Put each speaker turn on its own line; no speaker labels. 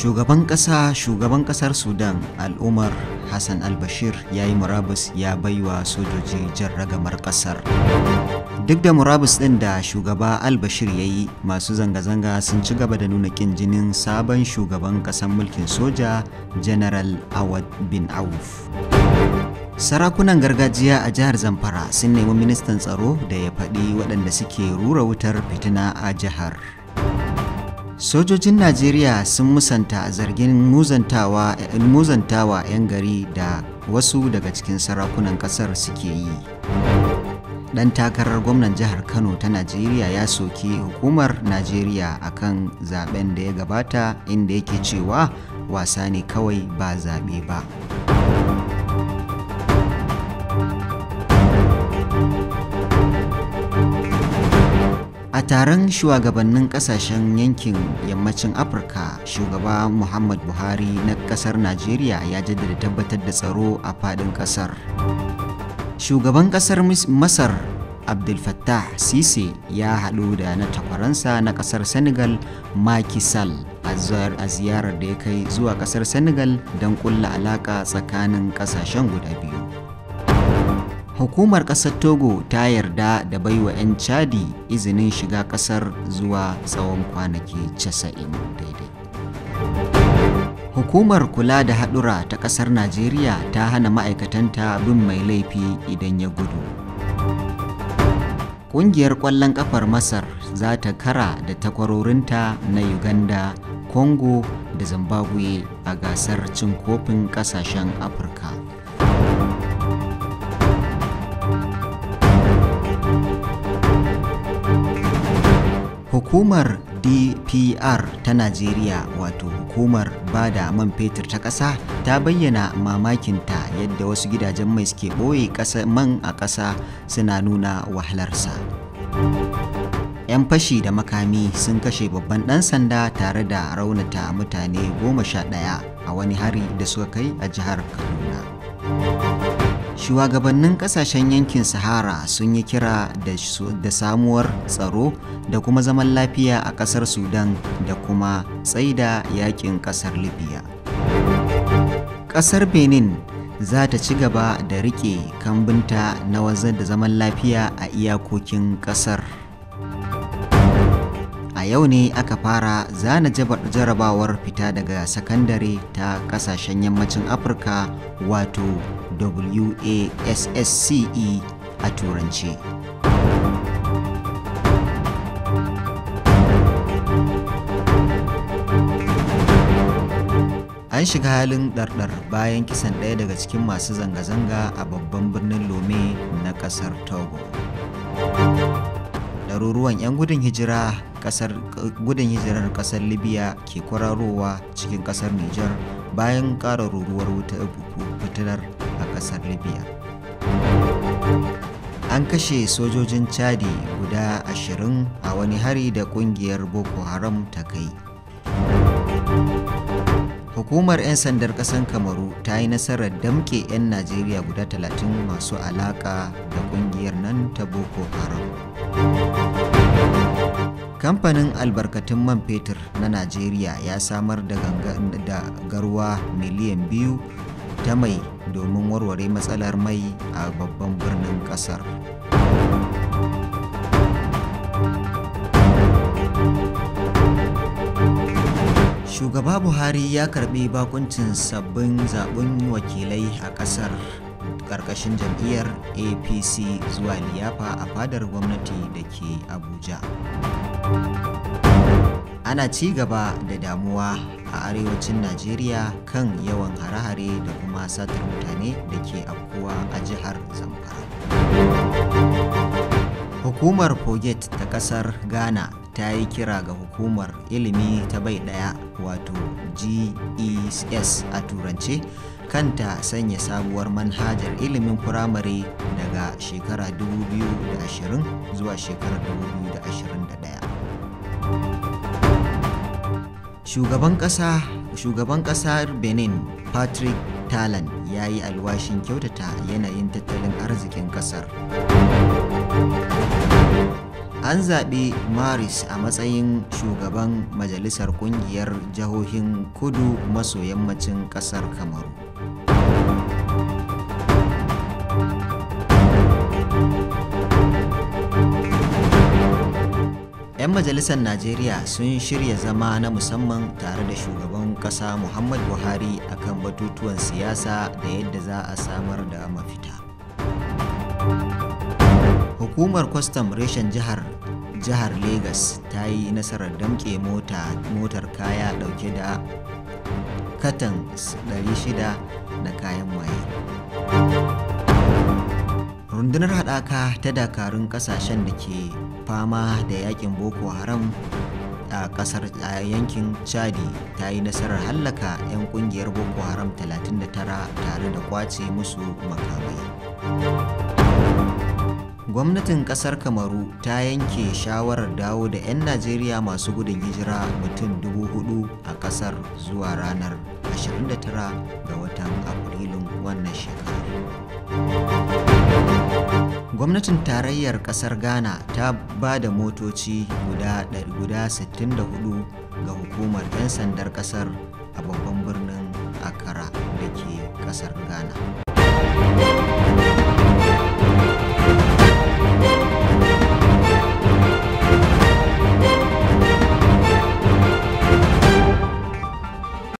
shugaban ƙasa shugaban ƙasar sudan al'umar hassan albashir ya yi murabus ya baiwa sojoji jan ragamar ƙasar duk da murabus ɗin da shugaba albashir ya yi masu zanga-zanga sun ci gaba da nuna ƙin jinin sabon shugaban ƙasar mulkin soja general awad bin auf sarakunan gargajiya a jihar zamfara sun nemi ministan tsaro da ya faɗi waɗanda suke rura wutar fitina a jihar sojojin najeriya sun musanta zargin muzantawa 'yan gari da wasu daga cikin sarakunan kasar suke yi ɗan takarar gwamnan jihar kano ta najeriya ya soki hukumar najeriya kan zaɓen da ya gabata inda yake cewa wasa ne kawai ba zaɓe ba a taron shugabannin kasashen yankin yammacin afirka shugaba muhammad buhari na kasar najeriya ya jaddada tabbatar da tsaro a fadin kasar shugaban kasar masar abdul fattah sise ya haɗu da na takwaransa na kasar senegal makisal a ziyarar da ya kai zuwa kasar senegal don kulla alaka tsakanin kasashen guda biyu hukumar ƙasar togo ta yarda da baiwa 'yan chadi izinin shiga ƙasar zuwa tsawon kwanaki 90 daidai hukumar kula da haɗura ta ƙasar najeriya ta hana ma'aikatanta bin mai laifi idan ya gudu ƙungiyar ƙwallon ƙafar masar za ta kara da takwarorinta na uganda congo da zimbabwe a gasar cin kofin ƙasashen afirka hukumar dpr ta najeriya wato hukumar bada man fetur ta ƙasa ta bayyana mamakinta yadda wasu gidajen mai suke ɓoye man a ƙasa suna nuna wahalarsa 'yan fashi da makami sun kashe babban ɗan sanda tare da raunata mutane goma sha ɗaya a wani hari da suka kai a jihar kaduna shugabannin kasashen yankin sahara sun yi kira da samuwar tsaro da kuma zaman lafiya a kasar sudan da kuma tsaida yakin kasar libya kasar benin za ta ci gaba da rike kambinta na wanzar da zaman lafiya a iyakokin kasar a yau ne aka fara zana jarabawar fita daga sakandare ta kasashen yammacin afirka wato wassce a turance an shiga halin ɗarɗar bayan kisan ɗaya daga cikin masu zanga-zanga a babban birnin lome na ƙasar togo ɗaruruwan 'yan gudun hijira kasar gudun hijirar kasar libya ke kwararowa cikin kasar niger bayan ƙara ruruwar fitilar a kasar libya an kashe sojojin chadi guda ashirin a wani hari da kungiyar boko haram ta kai hukumar 'yan sandar kasan kamaru ta yi nasarar damke 'yan najeriya guda 30 masu alaka da kungiyar nan ta boko haram kamfanin albarkatun man fetur na najeriya ya samar da garwa miliyan biyu ta mai domin warware matsalar mai a babban birnin kasar shugaba buhari ya karbi bakuncin sabbin zaɓen wakilai a kasar ƙarƙashin jam'iyyar apc zuwa liyafa a fadar gwamnati da ke abuja ana ci gaba da damuwa a arewacin najeriya kan yawan hare-hare da kuma satar mutane da ke afkuwa a jihar zamfara hukumar poget ta kasar ghana ta yi kira ga hukumar ilimi ta bai daya wato ges a turance kanta sanya sabuwar manhajar ilimin firamare daga shekara 2020 zuwa shekara 2021 shugaban ƙasa shugaban ƙasar benin patrick talon ya yi alwashin kyautata yanayin tattalin arzikin ƙasar an zaɓi maris a matsayin shugaban majalisar ƙungiyar jihohin kudu maso yammacin ƙasar kamaru 'yan majalisar najeriya sun shirya zama na musamman tare da shugaban kasa muhammad buhari akan batutuwan siyasa da yadda za a samar da mafita hukumar kwastam reshen jihar jihar lagos ta yi nasarar damke motar kaya dauke da katan 600 na kayan waye. rundunar haɗaka ta dakarun ƙasashen da ke fama da yakin boko haram a ƙasar a yankin chadi ta yi nasarar hallaka 'yan ƙungiyar boko haram 39 tare da kwace musu makamai gwamnatin ƙasar kamaru ta yanke shawarar dawo da 'yan najeriya masu gudun hijira mutum 4,000 a ƙasar zuwa ranar 29 ga watan afrilun wannan shekarar gwamnatin tarayyar kasar ghana ta ba da motoci guda 64 ga hukumar 'yan sandar kasar a babban birnin accra da ke kasar ghana